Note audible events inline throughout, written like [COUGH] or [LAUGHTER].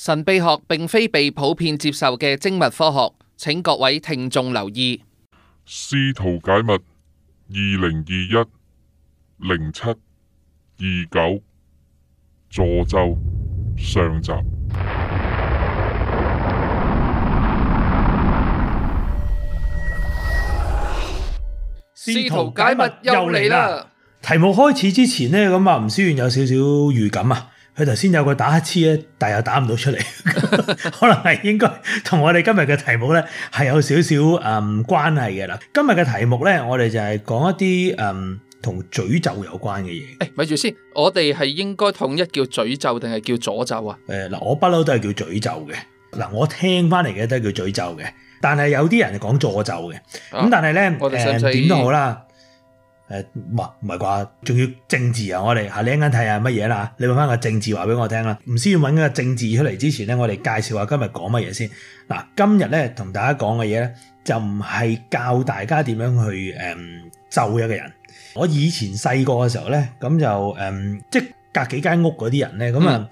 神秘學並非被普遍接受嘅精密科學，請各位聽眾留意。試圖解密二零二一零七二九詛咒上集。試圖解密又嚟啦！題目開始之前呢，咁啊，吳思遠有少少預感啊。佢頭先有個打乞嗤咧，但又打唔到出嚟， [LAUGHS] [LAUGHS] 可能係應該同我哋今日嘅題目咧係有少少誒、嗯、關係嘅啦。今日嘅題目咧，我哋就係講一啲誒同詛咒有關嘅嘢。誒，咪住先，我哋係應該統一叫詛咒定係叫助咒啊？誒嗱、呃，我不嬲都係叫詛咒嘅。嗱，我聽翻嚟嘅都係叫詛咒嘅，但係有啲人係講助咒嘅。咁、啊、但係呢咧我哋想點、呃、都好啦。誒，唔係唔係啩？仲要政治啊！我哋你一陣間睇下乜嘢啦吓，你搵翻個政治話俾我聽啦。唔需要搵個政治出嚟之前咧，我哋介紹下今日講乜嘢先。嗱，今日咧同大家講嘅嘢咧，就唔係教大家點樣去誒咒、嗯、一個人。我以前細個嘅時候咧，咁就誒，即係隔幾間屋嗰啲人咧，咁啊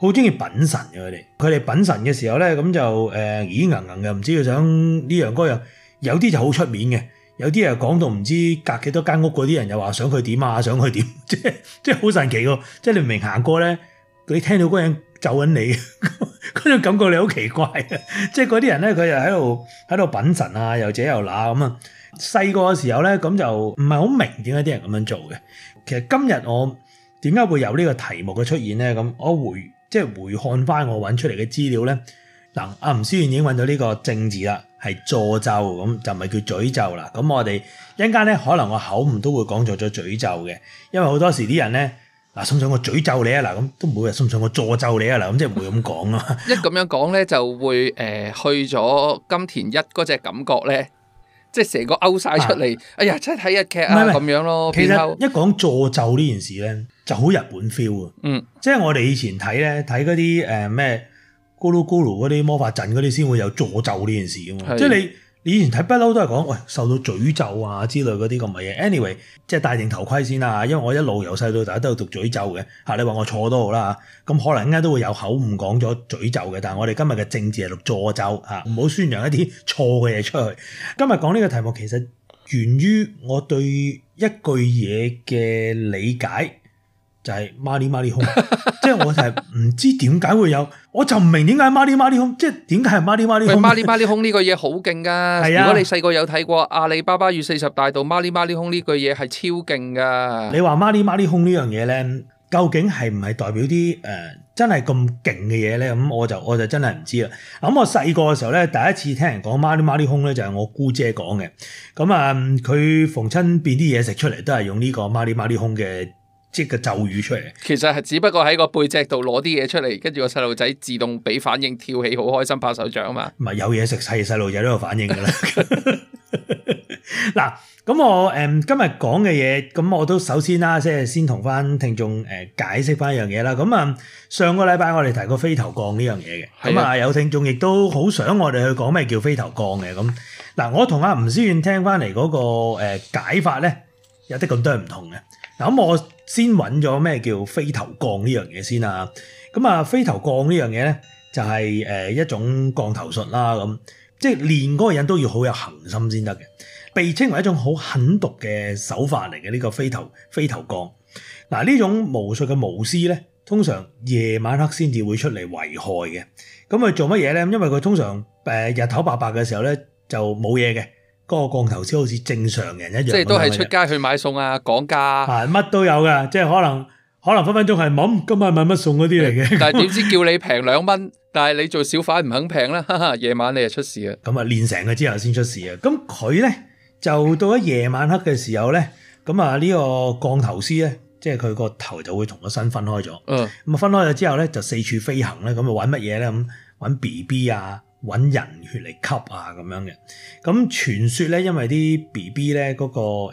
好中意品神嘅佢哋。佢哋、嗯、品神嘅時候咧，咁就誒，咦硬硬嘅，唔知佢想呢樣嗰樣，有啲就好出面嘅。有啲人講到唔知隔幾多間屋嗰啲人又話想佢點啊，想佢點、啊，即係即係好神奇喎、啊！即係你明行過咧，佢聽到嗰人走緊你，嗰 [LAUGHS] 種感覺你好奇怪啊！即係嗰啲人咧，佢又喺度喺度品神啊，又者又乸咁啊！細個嘅時候咧，咁就唔係好明點解啲人咁樣做嘅。其實今日我點解會有呢個題目嘅出現咧？咁我回即係回看翻我揾出嚟嘅資料咧。嗱、啊，阿吳思源已經揾到呢個正字啦。係助咒，咁就唔係叫詛咒啦，咁我哋一陣間咧，可能我口誤都會講咗咗詛咒嘅，因為好多時啲人咧，嗱，信唔信我詛咒你啊，嗱咁都唔會信唔信我助咒你啊，嗱咁即係唔會咁講啊。一咁樣講咧，就會誒、呃、去咗金田一嗰隻感覺咧，即係成個勾晒出嚟。啊、哎呀，真係睇日劇啊咁樣咯。其實一講助咒呢件事咧，就好日本 feel 啊。嗯，即係我哋以前睇咧睇嗰啲誒咩？咕嚕咕嚕嗰啲魔法陣嗰啲先會有助咒呢件事嘅嘛，的即係你你以前睇，不嬲都係講喂受到詛咒啊之類嗰啲咁嘅嘢。Anyway，即係戴定頭盔先啦，因為我一路由細到大都係讀詛咒嘅、啊、你話我錯都好啦，咁可能應該都會有口誤講咗詛咒嘅，但係我哋今日嘅正字係讀詛咒唔好、啊、宣揚一啲錯嘅嘢出去。今日講呢個題目其實源於我對一句嘢嘅理解。就係媽利媽利空，即係我就係唔知點解會有，我就唔明點解媽利媽利空，即係點解係媽利媽利空。媽利媽利空呢個嘢好勁㗎，如果你細個有睇過《阿里巴巴與四十大盜》，媽利媽利空呢句嘢係超勁㗎。你話媽利媽利空呢樣嘢咧，究竟係唔係代表啲誒真係咁勁嘅嘢咧？咁我就我就真係唔知啦。咁我細個嘅時候咧，第一次聽人講媽利媽利空咧，就係我姑姐講嘅。咁啊，佢逢親變啲嘢食出嚟，都係用呢個媽利媽利空嘅。即係個咒語出嚟，其實係只不過喺個背脊度攞啲嘢出嚟，跟住個細路仔自動俾反應跳起，好開心拍手掌啊嘛！唔係有嘢食，細細路仔都有反應㗎啦。嗱， [LAUGHS] [LAUGHS] 咁我誒、嗯、今日講嘅嘢，咁我都首先啦，即係先同翻聽眾誒解釋翻一樣嘢啦。咁啊，上個禮拜我哋提過飛頭降呢樣嘢嘅，咁啊的有聽眾亦都好想我哋去講咩叫飛頭降嘅咁。嗱，我同阿吳思遠聽翻嚟嗰個誒解法咧，有啲咁多唔同嘅。嗱，咁我。先揾咗咩叫飛頭降呢樣嘢先啊！咁啊，飛頭降呢樣嘢呢，就係誒一種降頭術啦，咁即係練嗰個人都要好有恒心先得嘅，被稱為一種好狠毒嘅手法嚟嘅呢個飛頭飛頭降。嗱，呢種巫術嘅巫師呢，通常夜晚黑先至會出嚟危害嘅。咁佢做乜嘢呢？因為佢通常誒日頭白白嘅時候呢，就冇嘢嘅。嗰個降頭師好似正常人一樣，即係都係出街去買餸啊，講價啊，乜都有㗎。即係可能可能分分鐘係懵，今日買乜餸嗰啲嚟嘅。但係點知叫你平兩蚊， [LAUGHS] 但係你做小販唔肯平啦，夜晚你就出事啊。咁啊練成咗之後先出事啊。咁佢咧就到咗夜晚黑嘅時候咧，咁啊呢個降頭師咧，即係佢個頭就會同個身分開咗。嗯，咁啊分開咗之後咧，就四處飛行咧，咁啊玩乜嘢咧？咁玩 B B 啊。揾人血嚟吸啊咁樣嘅，咁傳說咧，因為啲 B B 咧嗰個誒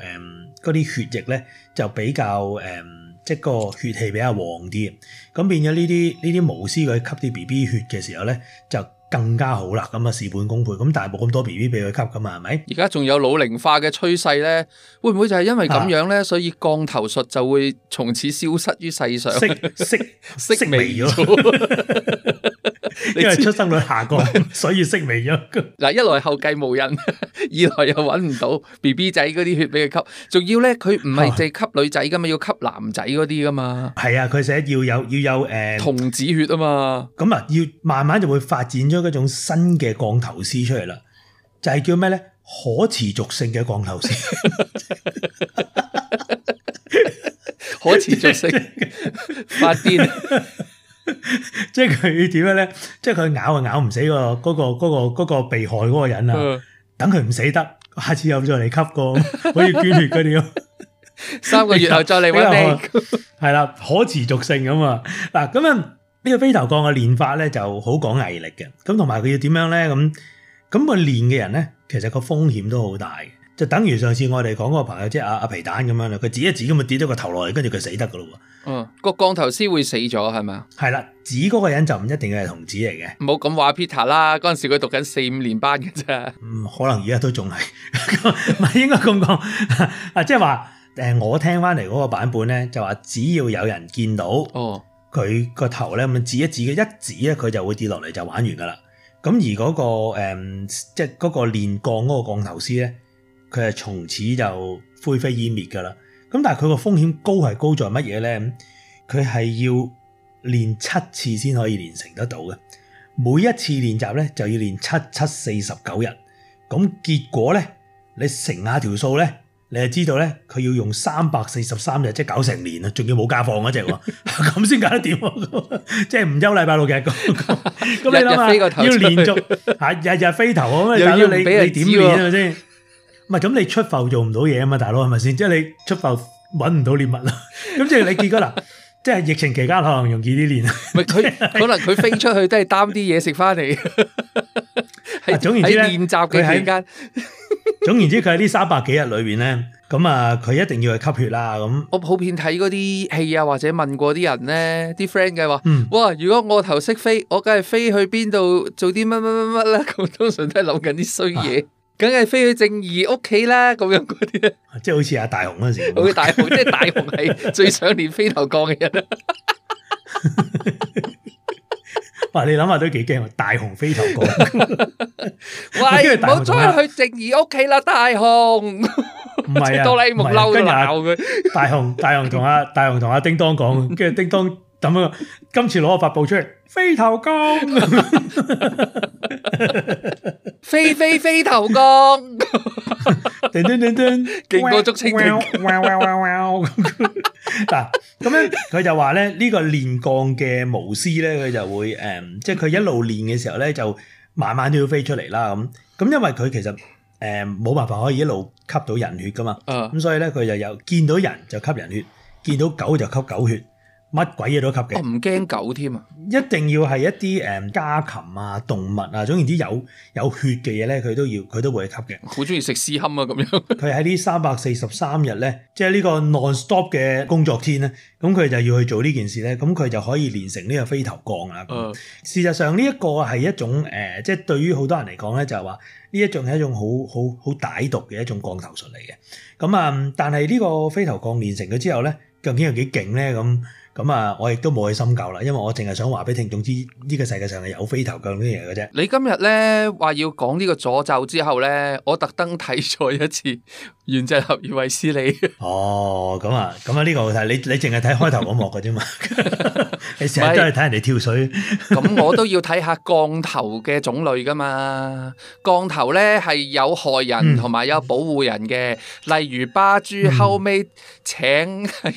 嗰啲血液咧就比較誒即個血氣比較旺啲，咁變咗呢啲呢啲巫師佢吸啲 B B 血嘅時候咧就更加好啦，咁啊事半功倍，咁但係冇咁多 B B 俾佢吸噶嘛，係咪？而家仲有老齡化嘅趨勢咧，會唔會就係因為咁樣咧，啊、所以降頭術就會從此消失於世上？熄熄熄微咗。美 [LAUGHS] 你因為出生率下降， [LAUGHS] 是所以式微咗。嗱，一來後繼無人，二來又揾唔到 B B 仔嗰啲血俾佢吸，仲要咧佢唔係淨係吸女仔噶嘛，哦、要吸男仔嗰啲噶嘛。係啊，佢寫要有要有誒，呃、童子血啊嘛。咁啊，要慢慢就會發展咗一種新嘅降頭師出嚟啦，就係、是、叫咩咧？可持續性嘅降頭師，可持續性 [LAUGHS] 發癲癲。 [LAUGHS] [LAUGHS] 即係佢點樣咧？即係佢咬就咬唔死、嗰個嗰、嗰個嗰、嗰個嗰、嗰個被害嗰個人啊！嗯、等佢唔死得，下次又再嚟吸過 [LAUGHS] 可以捐血嗰啲咯。三個月後再嚟搵你，係啦， [LAUGHS] [LAUGHS] 可持續性咁啊！嗱，咁樣呢個飛頭降嘅練法咧就好講毅力嘅，咁同埋佢要點樣咧？咁咁個練嘅人咧，其實個風險都好大嘅。就等於上次我哋講嗰個朋友，即係阿阿皮蛋咁樣啦。佢指一指咁咪跌咗個頭落嚟，跟住佢死得噶咯喎。嗯，個降頭師會死咗係咪啊？係，係啦，指嗰個人就唔一定係童子嚟嘅。唔好咁話 Peter 啦，嗰陣時佢讀緊四五年班嘅啫。嗯，可能而家都仲係，唔係 [LAUGHS] [LAUGHS] 應該咁講啊？即係話誒，我聽翻嚟嗰個版本咧，就話只要有人見到哦，佢個頭咧咁咪指一指，佢一指咧佢就會跌落嚟就玩完噶啦。咁而嗰個誒，即係嗰個練降嗰個降頭師咧。佢係從此就灰飛煙滅噶啦，咁但係佢個風險高係高在乜嘢咧？佢係要練七次先可以練成得到嘅，每一次練習咧就要練七七四十九日，咁結果咧你乘下條數咧，你就知道咧佢要用三百四十三日，即係搞成年啦，仲要冇假放嗰隻，咁先搞得掂， [LAUGHS] 即係唔休禮拜六嘅。個，咁你諗下要連續 [LAUGHS] 日，日、啊、日日飛頭，咁 [LAUGHS] 你俾人點練啊先？ [LAUGHS] 唔係咁，你出埠做唔到嘢啊嘛，大佬係咪先？即係、就是、你出埠揾唔到獵物啦。咁即係你見過啦， [LAUGHS] 即係疫情期間 [LAUGHS] 可能容易啲練。唔係佢可能佢飛出去都係擔啲嘢食翻嚟。係 [LAUGHS] 在、啊、總言之咧，佢喺間。總言之，佢喺呢三百幾日裏面咧，咁啊，佢一定要去吸血啦。咁我普遍睇嗰啲戲啊，或者問過啲人咧，啲 friend 嘅話，嗯，哇！如果我頭識飛，我梗係飛去邊度做啲乜乜乜乜呢？咁通常都係諗緊啲衰嘢。啊梗係飛去靜怡屋企啦，咁樣嗰啲，即係好似阿大雄嗰陣時。好似大雄，即係大雄係最想練飛頭降嘅人。哇！你諗下都幾驚啊，大雄飛頭降。唔好再去靜怡屋企啦，大雄。唔係啊，唔係。跟住阿大雄，大雄同阿大雄同阿叮當講，跟住叮噹。咁啊！今次攞個法寶出嚟，飛頭降， [LAUGHS] [LAUGHS] 飛飛飛頭降，叮叮叮叮，勁過竹蜻蜓。嗱，咁樣佢就話咧，呢個練鋼嘅巫師咧，佢就會誒，即係佢一路練嘅時候咧，就慢慢都要飛出嚟啦。咁咁因為佢其實誒冇辦法可以一路吸到人血噶嘛，咁所以咧佢又有見到人就吸人血，見到狗就吸狗血。乜鬼嘢都吸嘅，唔驚狗添啊！一定要係一啲誒家禽啊、動物啊，總然之有有血嘅嘢咧，佢都要佢都會吸嘅。好中意食屍堪啊！咁樣佢喺呢三百四十三日咧，即係呢個 non-stop 嘅工作天咧，咁佢就要去做呢件事咧，咁佢就可以練成呢個飛頭降啦。事實上呢一個係一種誒，即係對於好多人嚟講咧，就係話呢一種係一種好好好歹毒嘅一種降頭術嚟嘅。咁啊，但係呢個飛頭降練成咗之後咧，究竟有幾勁咧？咁咁啊，我亦都冇去深究啦，因為我淨係想話俾聽眾知呢個世界上係有飛頭腳呢嘢嘅啫。你今日咧話要講呢個詛咒之後咧，我特登睇咗一次《原振俠與衛斯理》你。哦，咁啊，咁啊，呢個好睇。你你淨係睇開頭嗰幕嘅啫嘛， [LAUGHS] [LAUGHS] 你成日都係睇人哋跳水。咁 [LAUGHS] 我都要睇下降頭嘅種類噶嘛。降頭咧係有害人同埋有保護人嘅，嗯、例如巴豬後尾請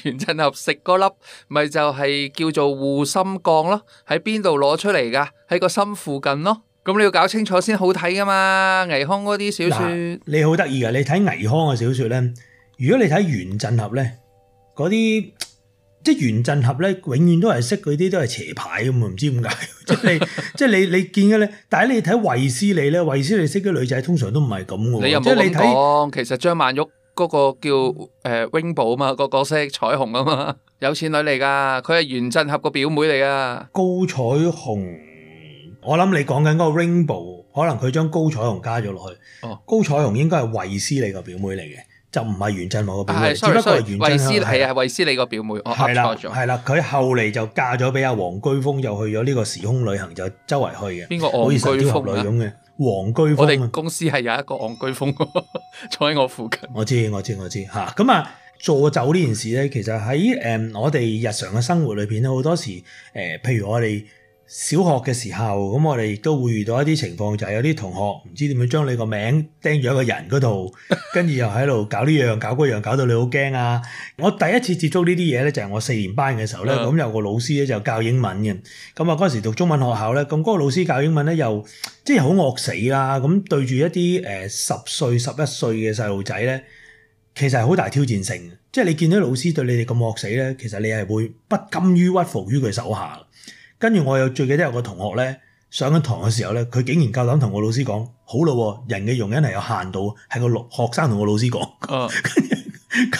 原振俠食嗰粒咪。嗯就係叫做護心降咯，喺邊度攞出嚟噶？喺個心附近咯，咁你要搞清楚先好睇噶嘛？倪匡嗰啲小說，你好得意噶！你睇倪匡嘅小說咧，如果你睇原振俠咧，嗰啲即係原振俠咧，永遠都係識嗰啲都係邪派咁啊！唔知點解，即係即係你 [LAUGHS] 你，你見嘅咧，但係你睇衛斯理咧，衛斯理識嘅女仔通常都唔係咁嘅，你有有即係你睇，其實張曼玉。嗰個叫誒、呃、Rainbow 啊嘛，個角色彩虹啊嘛，有錢女嚟㗎，佢係袁振合個表妹嚟㗎。高彩虹，我諗你講緊嗰個 Rainbow，可能佢將高彩虹加咗落去。哦，高彩虹應該係衛斯理個表妹嚟嘅，就唔係袁振合個表妹嚟。係、啊，只不過係袁振合係啊，衛斯理個是表妹。的我係啦，係啦，佢後嚟就嫁咗俾阿黃居峰，又去咗呢個時空旅行，就周圍去嘅。邊個王女咁嘅？黃居峰、啊，我哋公司係有一個黃居峰、啊、 [LAUGHS] 坐喺我附近我道。我知道，我知道，我知嚇。咁啊，詛咒呢件事咧，其實喺誒、嗯、我哋日常嘅生活裏邊咧，好多時誒、呃，譬如我哋。小學嘅時候，咁我哋亦都會遇到一啲情況，就係有啲同學唔知點樣將你個名釘咗喺個人嗰度，跟住 [LAUGHS] 又喺度搞呢樣搞嗰樣，搞到你好驚啊！我第一次接觸呢啲嘢咧，就係、是、我四年班嘅時候咧，咁、嗯、有個老師咧就教英文嘅，咁啊嗰陣時讀中文學校咧，咁、那、嗰個老師教英文咧又即係好惡死啦，咁對住一啲誒十歲十一歲嘅細路仔咧，其實係好大挑戰性，即係你見到老師對你哋咁惡死咧，其實你係會不甘於屈服於佢手下。跟住我有最記得有個同學咧，上緊堂嘅時候咧，佢竟然夠膽同個老師講：好喎、哦，人嘅容忍係有限度，係個學生同個老師講、oh。跟住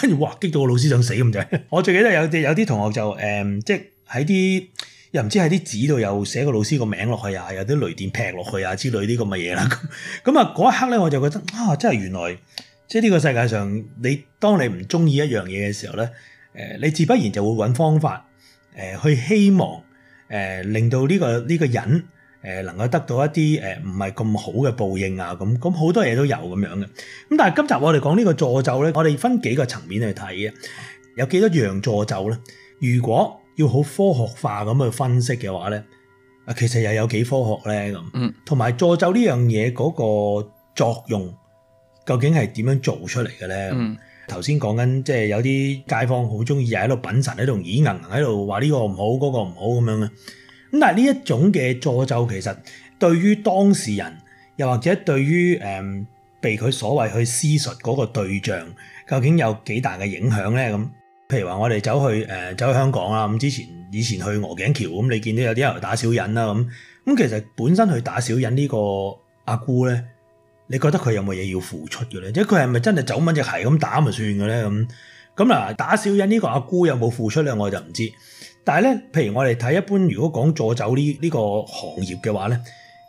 跟住，哇！激到個老師想死咁滯。我最記得有有啲同學就誒、呃，即係喺啲又唔知喺啲紙度又寫個老師個名落去啊，有啲雷電劈落去啊之類啲咁嘅嘢啦。咁啊嗰一刻咧，我就覺得啊，真係原來即係呢個世界上，你當你唔中意一樣嘢嘅時候咧、呃，你自不然就會揾方法、呃、去希望。誒，令到呢個呢個人誒，能夠得到一啲誒，唔係咁好嘅報應啊。咁，咁好多嘢都有咁樣嘅，咁但係今集我哋講呢個詛咒咧，我哋分幾個層面去睇嘅，有幾多樣詛咒咧？如果要好科學化咁去分析嘅話咧，啊，其實又有幾科學咧？咁，同埋詛咒呢樣嘢嗰個作用究竟係點樣做出嚟嘅咧？嗯頭先講緊即係有啲街坊好中意喺度品神喺度耳硬硬喺度話呢個唔好嗰、嗰個唔好咁樣啊！咁但係呢一種嘅詛咒其實對於當事人又或者對於誒、呃、被佢所謂去施術嗰個對象，究竟有幾大嘅影響咧？咁譬如話我哋走去誒、呃、走去香港啦，咁之前以前去鵝頸橋咁，你見到有啲人打小人啦咁，咁其實本身去打小人呢個阿姑咧。你覺得佢有冇嘢要付出嘅咧？即係佢係咪真係走蚊隻鞋咁打咪算嘅咧？咁咁嗱，打小人呢個阿姑有冇付出咧？我就唔知。但係咧，譬如我哋睇一般，如果講詛咒呢呢個行業嘅話咧，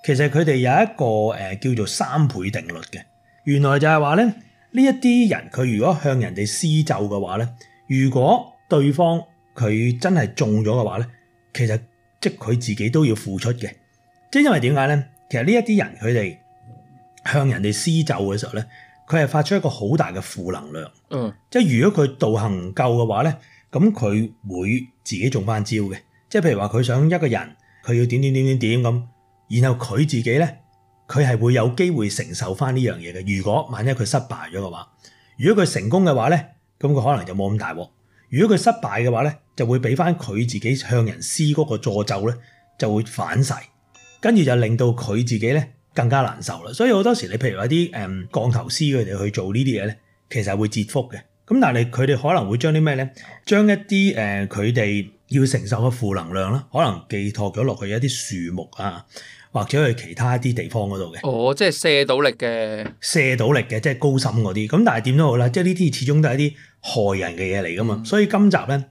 其實佢哋有一個誒叫做三倍定律嘅。原來就係話咧，呢一啲人佢如果向人哋施咒嘅話咧，如果對方佢真係中咗嘅話咧，其實即係佢自己都要付出嘅。即係因為點解咧？其實呢一啲人佢哋。向人哋施咒嘅時候咧，佢係發出一個好大嘅負能量。嗯，即係如果佢道行唔夠嘅話咧，咁佢會自己中翻招嘅。即係譬如話佢想一個人，佢要點點點點點咁，然後佢自己咧，佢係會有機會承受翻呢樣嘢嘅。如果萬一佢失敗咗嘅話，如果佢成功嘅話咧，咁佢可能就冇咁大鑊；如果佢失敗嘅話咧，就會俾翻佢自己向人施嗰個詛咒咧，就會反噬，跟住就令到佢自己咧。更加難受啦，所以好多時你譬如話啲誒降頭師佢哋去做呢啲嘢咧，其實會折福嘅。咁但係佢哋可能會將啲咩咧，將一啲誒佢哋要承受嘅負能量啦，可能寄託咗落去一啲樹木啊，或者去其他一啲地方嗰度嘅。哦，即係卸到力嘅，卸到力嘅，即係高深嗰啲。咁但係點都好啦，即係呢啲始終都係一啲害人嘅嘢嚟噶嘛。嗯，所以今集咧。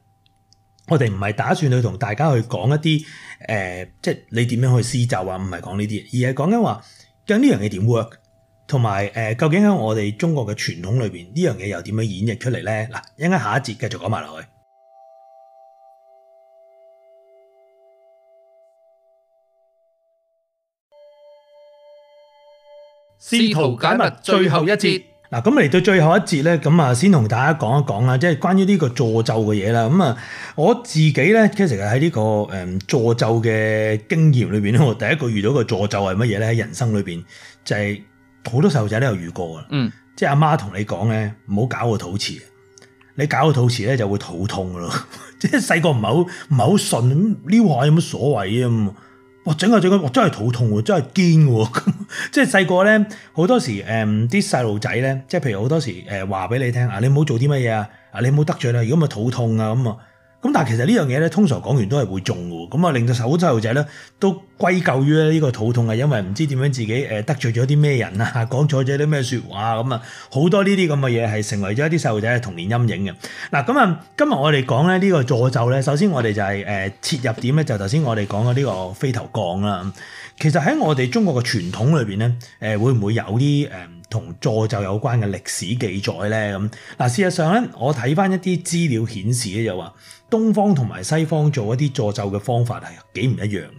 我哋唔係打算去同大家去講一啲誒、呃，即係你點樣去施咒啊？唔係講呢啲，而係講緊話，究竟呢樣嘢點 work，同埋誒，究竟喺我哋中國嘅傳統裏邊，樣呢樣嘢又點樣演繹出嚟咧？嗱，一陣間下一節繼續講埋落去。司徒解密最後一節。嗱，咁嚟到最後一節咧，咁啊，先同大家講一講啦，即係關於呢個助咒嘅嘢啦。咁啊，我自己咧，其實喺呢、這個誒助咒嘅經驗裏邊咧，我第一個遇到個助咒係乜嘢咧？喺人生裏面，就係、是、好多細路仔都有遇過嘅。嗯，即係阿媽同你講咧，唔好搞個肚臍，你搞個肚臍咧就會肚痛㗎咯。即係細個唔係唔係好順，撩下有乜所謂啊？哇！整個整個我真係肚痛喎，真係堅喎。咁 [LAUGHS] 即係細個咧，好多時誒啲細路仔咧，即係譬如好多時誒話俾你聽啊，你唔好做啲乜嘢啊，啊你唔好得罪啦，如果唔係肚痛啊咁啊。咁但係其實呢樣嘢咧，通常講完都係會中喎。咁啊，令到好多細路仔咧都歸咎於呢個肚痛係因為唔知點樣自己誒得罪咗啲咩人啊，講錯咗啲咩說話啊，咁啊好多呢啲咁嘅嘢係成為咗一啲細路仔嘅童年陰影嘅。嗱咁啊，今日我哋講咧呢個詛咒咧，首先我哋就係誒切入點咧，就頭先我哋講嘅呢個飛頭降啦。其實喺我哋中國嘅傳統裏面，咧，誒會唔會有啲同詛咒有關嘅歷史記載咧？咁嗱，事實上咧，我睇翻一啲資料顯示咧，就話東方同埋西方做一啲詛咒嘅方法係幾唔一樣嘅。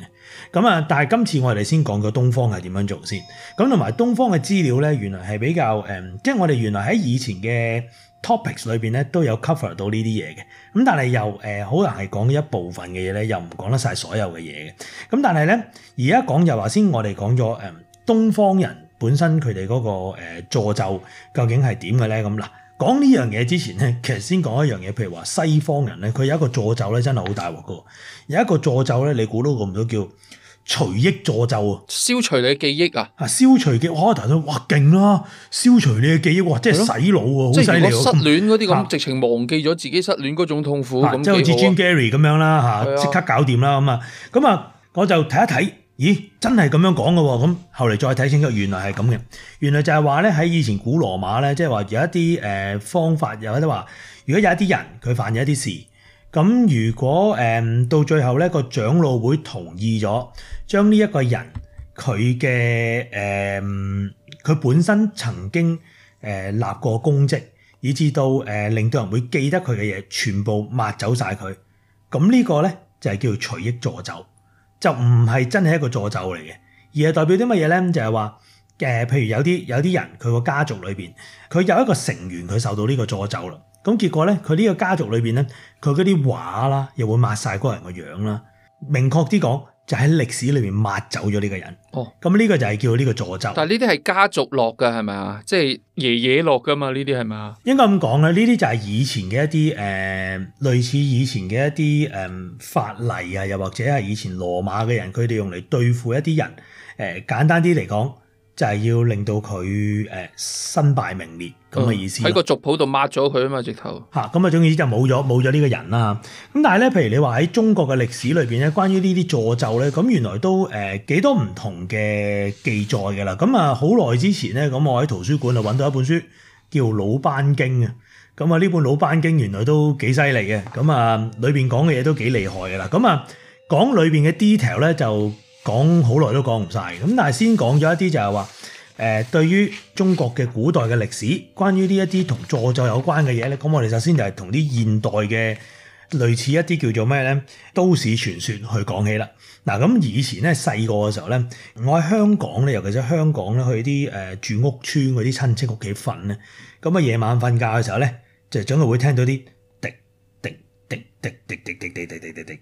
咁啊，但係今次我哋先講嘅東方係點樣做先。咁同埋東方嘅資料咧，原來係比較、呃、即係我哋原來喺以前嘅 topics 裏邊咧都有 cover 到呢啲嘢嘅。咁但係又，誒、呃，可能係講一部分嘅嘢咧，又唔講得晒所有嘅嘢嘅。咁但係咧，而家講就話先我講，我哋講咗誒東方人。本身佢哋嗰個、呃、詛咒究竟係點嘅咧？咁嗱，講呢樣嘢之前咧，其實先講一樣嘢，譬如話西方人咧，佢有一個詛咒咧，真係好大鑊嘅。有一個詛咒咧，你估都估唔到，叫隨憶詛咒啊！消除你嘅記憶啊！啊，消除嘅。我頭先哇，勁咯！消除你嘅記憶，哇，真係洗腦啊，好犀利！失戀嗰啲咁，啊、直情忘記咗自己失戀嗰種痛苦，咁即係好似、啊、專 Gary 咁樣啦，嚇、啊，即、啊、刻搞掂啦，咁啊，咁啊，我就睇一睇。咦，真係咁樣講嘅喎？咁後嚟再睇清楚，原來係咁嘅。原來就係話咧，喺以前古羅馬咧，即係話有一啲誒方法，有啲話，如果有一啲人佢犯咗一啲事，咁如果誒到最後咧，個長老會同意咗，將呢一個人佢嘅誒，佢本身曾經誒立過功績，以至到誒令到人會記得佢嘅嘢，全部抹走晒佢。咁呢個咧就係叫做除憶詛咒。就唔係真係一個詛咒嚟嘅，而係代表啲乜嘢咧？就係話，誒，譬如有啲有啲人，佢個家族裏邊，佢有一個成員，佢受到呢個詛咒啦。咁結果咧，佢呢個家族裏邊咧，佢嗰啲畫啦，又會抹晒嗰個人個樣啦。明確啲講。就喺歷史裏面抹走咗呢個人。哦，咁呢個就係叫呢個詛咒。但係呢啲係家族落㗎，係咪啊？即係爺爺落㗎嘛？呢啲係咪啊？應該咁講啦。呢啲就係以前嘅一啲誒、呃，類似以前嘅一啲誒、呃、法例啊，又或者係以前羅馬嘅人佢哋用嚟對付一啲人。誒、呃，簡單啲嚟講，就係要令到佢誒、呃、身敗名裂咁嘅、嗯、意思，喺個族譜度抹咗佢啊嘛，直頭。嚇，咁啊，總之就冇咗冇咗呢個人啦。咁但係咧，譬如你話喺中國嘅歷史裏面咧，關於呢啲詛咒咧，咁原來都誒、呃、幾多唔同嘅記載㗎啦。咁啊，好耐之前咧，咁我喺圖書館啊揾到一本書叫《魯班經》啊。咁啊，呢本《魯班經》原來都幾犀利嘅。咁啊，裏面講嘅嘢都幾厲害㗎啦。咁啊，講裏面嘅 detail 咧就～講好耐都講唔晒，咁但係先講咗一啲就係話，誒，對於中國嘅古代嘅歷史，關於呢一啲同詛咒有關嘅嘢咧，咁我哋首先就係同啲現代嘅類似一啲叫做咩咧都市傳說去講起啦。嗱，咁以前咧細個嘅時候咧，我喺香港咧，尤其是香港咧，去啲誒，住屋村嗰啲親戚屋企瞓咧，咁啊，夜晚瞓覺嘅時候咧，就總係會聽到啲滴滴滴滴滴滴滴滴滴滴滴。滴滴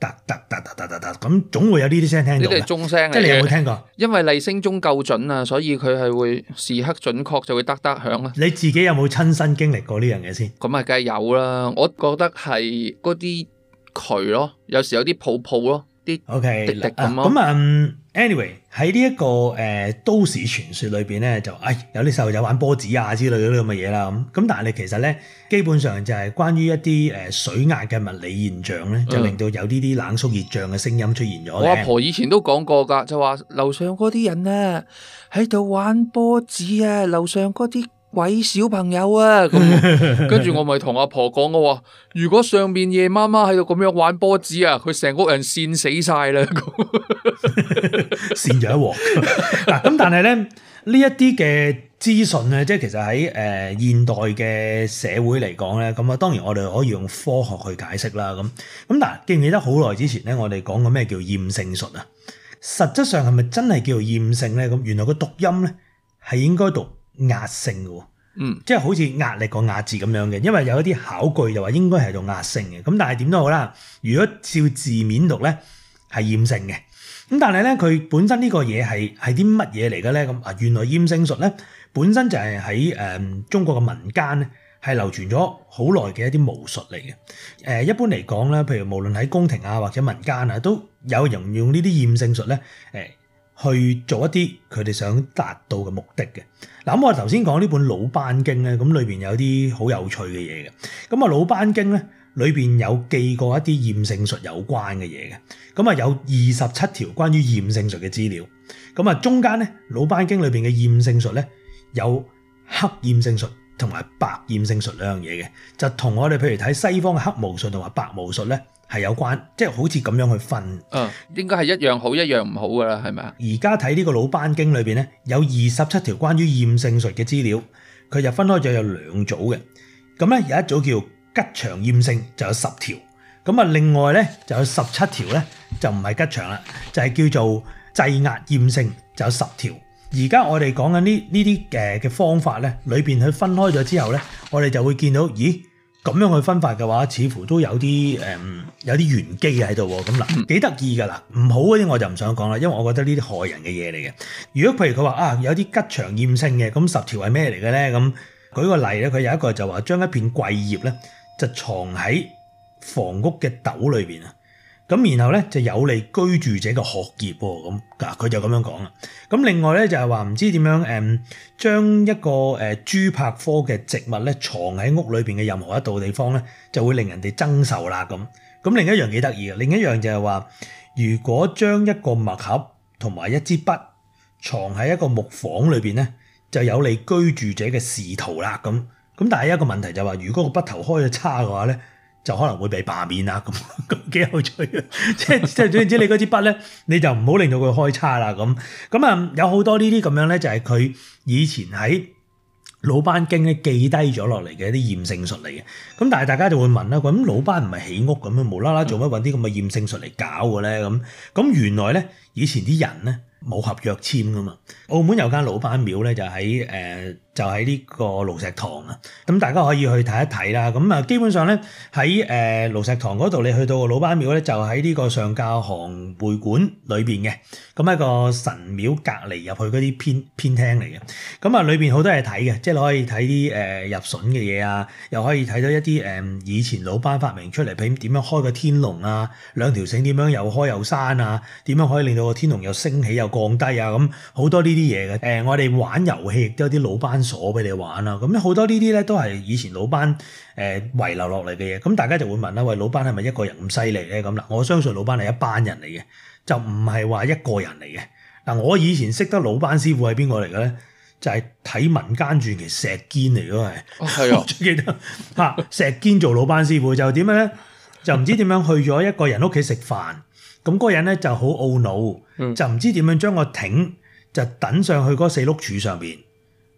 噠噠噠噠噠噠，咁總會有呢啲聲聽到，呢啲鐘聲嚟嘅，你有冇聽過？因為麗聲鐘夠準啊，所以佢係會時刻準確就會得得響啊。你自己有冇親身經歷過呢樣嘢先？咁咪梗係有啦。我覺得係嗰啲渠囉，有時有啲泡泡咯。O.K. 咁啊，啊，啊、嗯、anyway 喺呢一個誒、呃、都市傳說裏邊咧，就誒有啲細路仔玩波子啊之類嗰啲咁嘅嘢啦。咁咁，但係你其實咧，基本上就係關於一啲誒、呃、水壓嘅物理現象咧，嗯、就令到有呢啲冷縮熱漲嘅聲音出現咗。我阿婆以前都講過㗎，就話樓上嗰啲人啊喺度玩波子啊，樓上嗰啲。鬼小朋友啊！咁，跟住我咪同阿婆講咯。 [LAUGHS] 如果上面夜媽媽喺度咁樣玩波子啊，佢成屋人死 [LAUGHS] [LAUGHS] 善死晒啦，善咗一鑊嗱。咁但係咧呢一啲嘅資訊咧，即係其實喺誒現代嘅社會嚟講咧，咁啊，當然我哋可以用科學去解釋啦。咁咁嗱，記唔記得好耐之前咧，我哋講過咩叫厭勝術啊？實質上係咪真係叫做厭勝咧？咁原來個讀音咧係應該讀。壓勝嘅喎，嗯，即係好似壓力個壓字咁樣嘅，因為有一啲考據就話應該係用壓勝嘅，咁但係點都好啦，如果照字面讀咧，係厭勝嘅，咁但係咧佢本身呢個嘢係係啲乜嘢嚟嘅咧？咁啊，原來厭勝術咧本身就係喺誒中國嘅民間咧係流傳咗好耐嘅一啲巫術嚟嘅，誒一般嚟講咧，譬如無論喺宮廷啊或者民間啊，都有人用呢啲厭勝術咧，誒。去做一啲佢哋想達到嘅目的嘅。嗱，我頭先講呢本《魯班經》咧，咁裏面有啲好有趣嘅嘢嘅。咁啊，《魯班經》咧裏面有記過一啲驗性術有關嘅嘢嘅。咁啊，有二十七條關於驗性術嘅資料。咁啊，中間咧《魯班經》裏面嘅驗性術咧有黑驗性術。同埋白厭勝術兩樣嘢嘅，就同我哋譬如睇西方嘅黑巫術同埋白巫術咧，係有關，即係好似咁樣去分。嗯，應該係一樣好一樣唔好噶啦，係咪啊？而家睇呢個《老班經》裏邊咧，有二十七條關於厭勝術嘅資料，佢就分開咗有兩組嘅。咁咧有一組叫吉祥厭勝，就有十條。咁啊，另外咧就有十七條咧就唔係吉祥啦，就係叫做制壓厭勝，就有十條。而家我哋講緊呢呢啲嘅嘅方法咧，裏邊佢分開咗之後咧，我哋就會見到，咦，咁樣去分法嘅話，似乎都有啲誒、嗯，有啲玄機喺度喎。咁嗱，幾得意噶啦，唔好嗰啲我就唔想講啦，因為我覺得呢啲害人嘅嘢嚟嘅。如果譬如佢話啊，有啲吉祥厭勝嘅，咁十條係咩嚟嘅咧？咁舉個例咧，佢有一個就話將一片桂葉咧，就藏喺房屋嘅斗裏邊。啊。咁然後咧就有利居住者嘅學業喎，咁嗱佢就咁樣講啦。咁另外咧就係話唔知點樣誒，將一個誒豬柏科嘅植物咧藏喺屋裏面嘅任何一度地方咧，就會令人哋增壽啦咁。咁另一樣幾得意嘅，另一樣就係話，如果將一個墨盒同埋一支筆藏喺一個木房裏面咧，就有利居住者嘅仕途啦咁。咁但係一個問題就係話，如果個筆頭開咗叉嘅話咧。就可能會被罷免啦，咁咁幾有趣啊！即即總言之，你嗰支筆咧，你就唔好令到佢開叉啦。咁咁啊，有好多呢啲咁樣咧，就係、是、佢以前喺魯班經咧記低咗落嚟嘅一啲厭勝術嚟嘅。咁但係大家就會問啦，咁魯班唔係起屋咁啊，無啦啦做乜搵啲咁嘅厭勝術嚟搞嘅咧？咁咁原來咧。以前啲人咧冇合約簽噶嘛，澳門有間老班廟咧就喺誒，就喺呢個爐石塘啊，咁大家可以去睇一睇啦。咁啊，基本上咧喺誒爐石塘嗰度，你去到個老班廟咧就喺呢個上教行會館裏邊嘅，咁係個神廟隔離入去嗰啲偏偏廳嚟嘅。咁啊，裏邊好多嘢睇嘅，即係你可以睇啲誒入榫嘅嘢啊，又可以睇到一啲誒以前老班發明出嚟，俾點樣開個天龍啊，兩條繩點樣又開又閂啊，點樣可以令到。個天龍又升起又降低啊，咁好多呢啲嘢嘅。誒、欸，我哋玩遊戲亦都有啲老班鎖俾你玩啦，咁好多呢啲咧都係以前老班誒遺留落嚟嘅嘢。咁大家就會問啦，喂，老班係咪一個人咁犀利咧？咁啦，我相信老班係一班人嚟嘅，就唔係話一個人嚟嘅。嗱，我以前識得老班師傅係邊個嚟嘅咧？就係、是、睇民間傳奇石堅嚟咯，係係啊，最記得吓石堅做老班師傅就點樣咧？就唔知點樣去咗一個人屋企食飯。咁、嗯、個個人咧就好懊惱，就唔知點樣將個頂就頂上去嗰四碌柱上邊。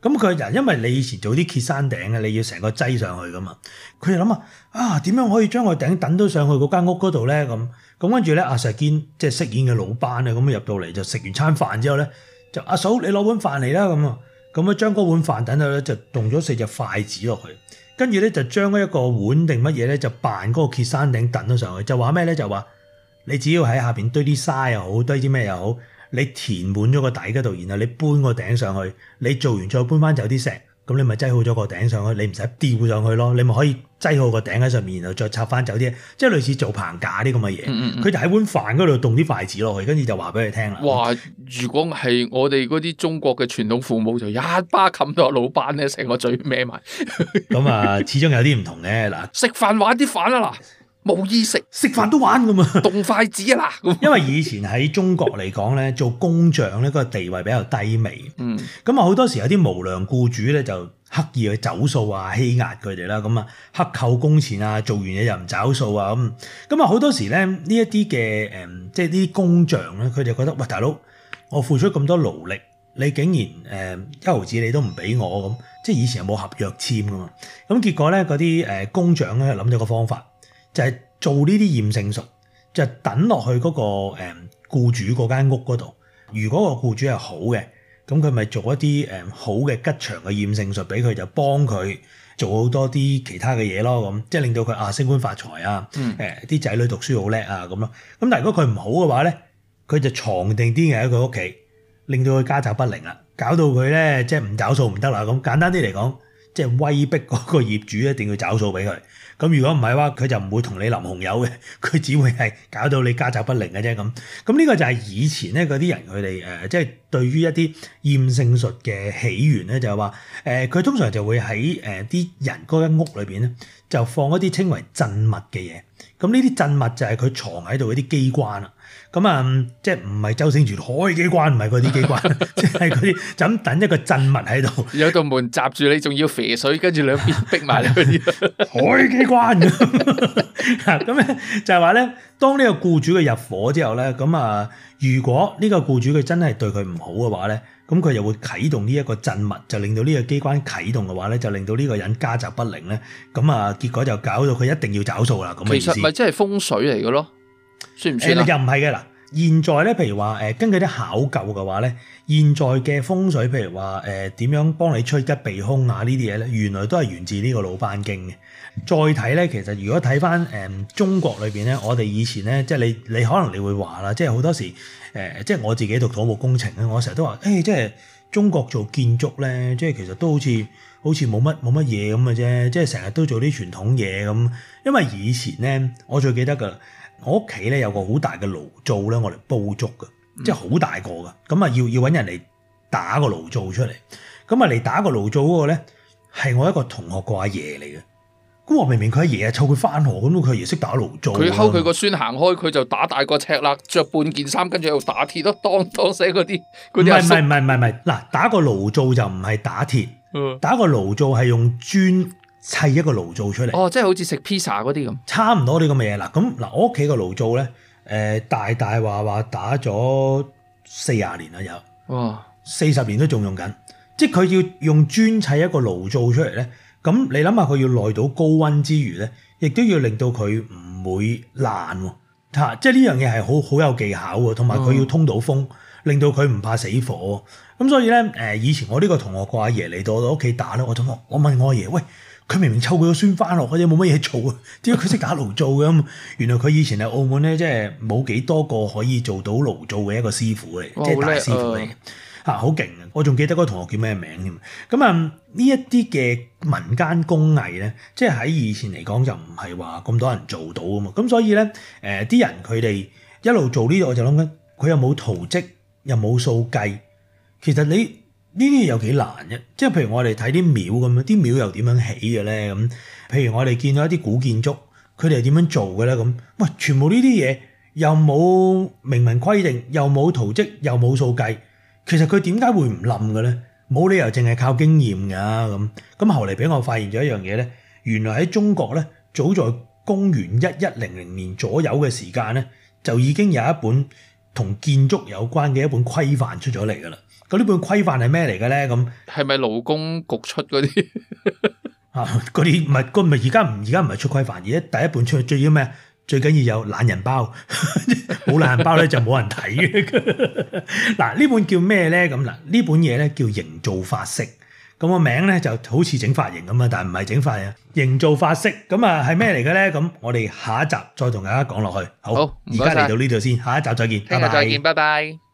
咁佢就因為你以前做啲揭山頂嘅，你要成個擠上去噶嘛。佢就諗啊，啊點樣可以將個頂頂到上去嗰間屋嗰度咧？咁咁跟住咧，阿石堅即係飾演嘅老班啊。咁入到嚟就食完餐飯之後咧，就阿嫂你攞碗飯嚟啦。咁啊，咁啊將嗰碗飯等到咧，就動咗四隻筷子落去，跟住咧就將嗰一個碗定乜嘢咧，就扮嗰個揭山頂頂到上去，就話咩咧？就話。就你只要喺下面堆啲沙又好，堆啲咩又好，你填滿咗個底嗰度，然後你搬個頂上去，你做完再搬翻走啲石，咁你咪擠好咗個頂上去，你唔使吊上去咯，你咪可以擠好個頂喺上面，然後再插翻走啲，即係類似做棚架啲咁嘅嘢。佢、嗯嗯、就喺碗飯嗰度動啲筷子落去，跟住就話俾你聽啦。哇！如果係我哋嗰啲中國嘅傳統父母，就一巴冚到個老班咧，成個嘴咩埋。咁 [LAUGHS] 啊，始終有啲唔同嘅嗱。食 [LAUGHS] 飯玩啲飯啊嗱！冇意食，食飯都玩㗎嘛，動筷子啦！因為以前喺中國嚟講咧， [LAUGHS] 做工匠咧，個地位比較低微，嗯，咁啊好多時有啲無良雇主咧就刻意去走數啊，欺壓佢哋啦，咁啊克扣工錢啊，做完嘢又唔找數啊咁，咁啊好多時咧呢一啲嘅誒，即係啲工匠咧，佢哋覺得喂，大佬，我付出咁多勞力，你竟然誒、呃、一毫子你都唔俾我咁，即係以前有冇合約簽噶嘛，咁結果咧，嗰啲工匠咧諗咗個方法。就係做呢啲驗證術，就等落去嗰個誒僱主嗰間屋嗰度。如果個僱主係好嘅，咁佢咪做一啲誒好嘅吉祥嘅驗證術俾佢，就幫佢做好多啲其他嘅嘢咯。咁即係令到佢啊升官發財啊，誒啲仔、嗯、女讀書好叻啊咁咯。咁但係如果佢唔好嘅話咧，佢就藏定啲嘢喺佢屋企，令到佢家宅不寧啦，搞到佢咧即係唔找數唔得啦。咁簡單啲嚟講，即係威逼嗰個業主一定要找數俾佢。咁如果唔係話，佢就唔會同你淋紅油嘅，佢只會係搞到你家宅不寧嘅啫。咁，咁呢個就係以前咧嗰啲人佢哋誒即係對於一啲厭勝術嘅起源咧，就係話誒，佢通常就會喺誒啲人嗰間屋裏邊咧，就放一啲稱為鎮物嘅嘢。咁呢啲鎮物就係佢藏喺度嗰啲機關啦，咁啊、嗯，即係唔係周星馳海機關，唔係嗰啲機關， [LAUGHS] 即係佢就咁等一個鎮物喺度，有道門閘住你，仲要肥水跟住兩邊逼埋你嗰啲海機關咁，咧 [LAUGHS] [LAUGHS] [LAUGHS] 就係話咧，當呢個僱主佢入伙之後咧，咁啊，如果呢個僱主佢真係對佢唔好嘅話咧。咁佢又會啟動呢一個鎮物，就令到呢個機關啟動嘅話呢，就令到呢個人家宅不寧呢，咁啊，結果就搞到佢一定要找數啦。咁啊，其實咪即係風水嚟嘅咯，算唔算啊？你、嗯、又唔係嘅喇。現在咧，譬如話誒，根據啲考究嘅話咧，現在嘅風水，譬如話誒點樣幫你趨吉避凶啊？呢啲嘢咧，原來都係源自呢個魯班經嘅。再睇咧，其實如果睇翻誒中國裏面咧，我哋以前咧，即係你你可能你會話啦，即係好多時誒，即係我自己讀土木工程咧，我成日都話，誒、哎、即係中國做建築咧，即係其實都好似好似冇乜冇乜嘢咁嘅啫，即係成日都做啲傳統嘢咁。因為以前咧，我最記得㗎。我屋企咧有個好大嘅爐灶咧，我哋煲粥嘅，嗯、即係好大個嘅，咁啊要要搵人嚟打個爐灶出嚟，咁啊嚟打個爐灶嗰個咧係我一個同學個阿爺嚟嘅，咁我明明佢阿爺啊湊佢返學，咁佢阿爺識打爐灶，佢睺佢個孫行開，佢就打大個尺啦，着半件衫跟住喺度打鐵咯，當當聲嗰啲嗰啲。唔係唔係唔係唔係，嗱打個爐灶就唔係打鐵，打個爐灶係用磚。砌一個爐灶出嚟，哦，即係好似食 pizza 嗰啲咁，差唔多呢個味啊！嗱，咁嗱，我屋企個爐灶咧，誒，大大話話打咗四廿年啦，有、哦，哇，四十年都仲用緊，即係佢要用磚砌一個爐灶出嚟咧，咁你諗下佢要耐到高温之餘咧，亦都要令到佢唔會爛，吓、啊，即係呢樣嘢係好好有技巧嘅，同埋佢要通到風，哦、令到佢唔怕死火，咁所以咧，誒，以前我呢個同學個阿爺嚟到我屋企打咧，我就我問我阿爺，喂。佢明明抽佢個孫翻落佢哋冇乜嘢做啊！點解佢識打爐灶嘅？ [LAUGHS] 原來佢以前喺澳門咧，即係冇幾多個可以做到爐灶嘅一個師傅嚟，即係大師傅嚟嘅吓，好勁，我仲記得嗰個同學叫咩名。咁啊，呢一啲嘅民間工藝咧，即係喺以前嚟講就唔係話咁多人做到啊嘛。咁所以咧，呃、啲人佢哋一路做呢、呢個，我就諗緊佢又冇圖籍，又冇數計，其實你。呢啲嘢有幾難啫，即係譬如我哋睇啲廟咁樣，啲廟又點樣起嘅咧？咁，譬如我哋見到一啲古建築，佢哋係點樣做嘅咧？咁，喂，全部呢啲嘢又冇明文規定，又冇圖蹟，又冇數計，其實佢點解會唔冧嘅咧？冇理由淨係靠經驗㗎咁。咁後嚟俾我發現咗一樣嘢咧，原來喺中國咧，早在公元一一零零年左右嘅時間咧，就已經有一本同建築有關嘅一本規範出咗嚟㗎啦。嗰呢本規範係咩嚟嘅咧？咁係咪勞工局出嗰啲？嗰啲唔係，個唔係而家唔而家唔係出規範，而家第一本出最要咩？最緊要有懶人包，冇 [LAUGHS] 懶人包咧就冇人睇嘅。嗱呢、 [LAUGHS] 啊、本叫咩咧？咁、啊、嗱呢本嘢咧叫營造法式，咁個名咧就好似整髮型咁啊，但係唔係整髮型啊？營造法式咁啊係咩嚟嘅咧？咁、嗯、我哋下一集再同大家講落去。好，而家嚟到呢度先，下一集再見。聽日再見，拜拜。拜拜。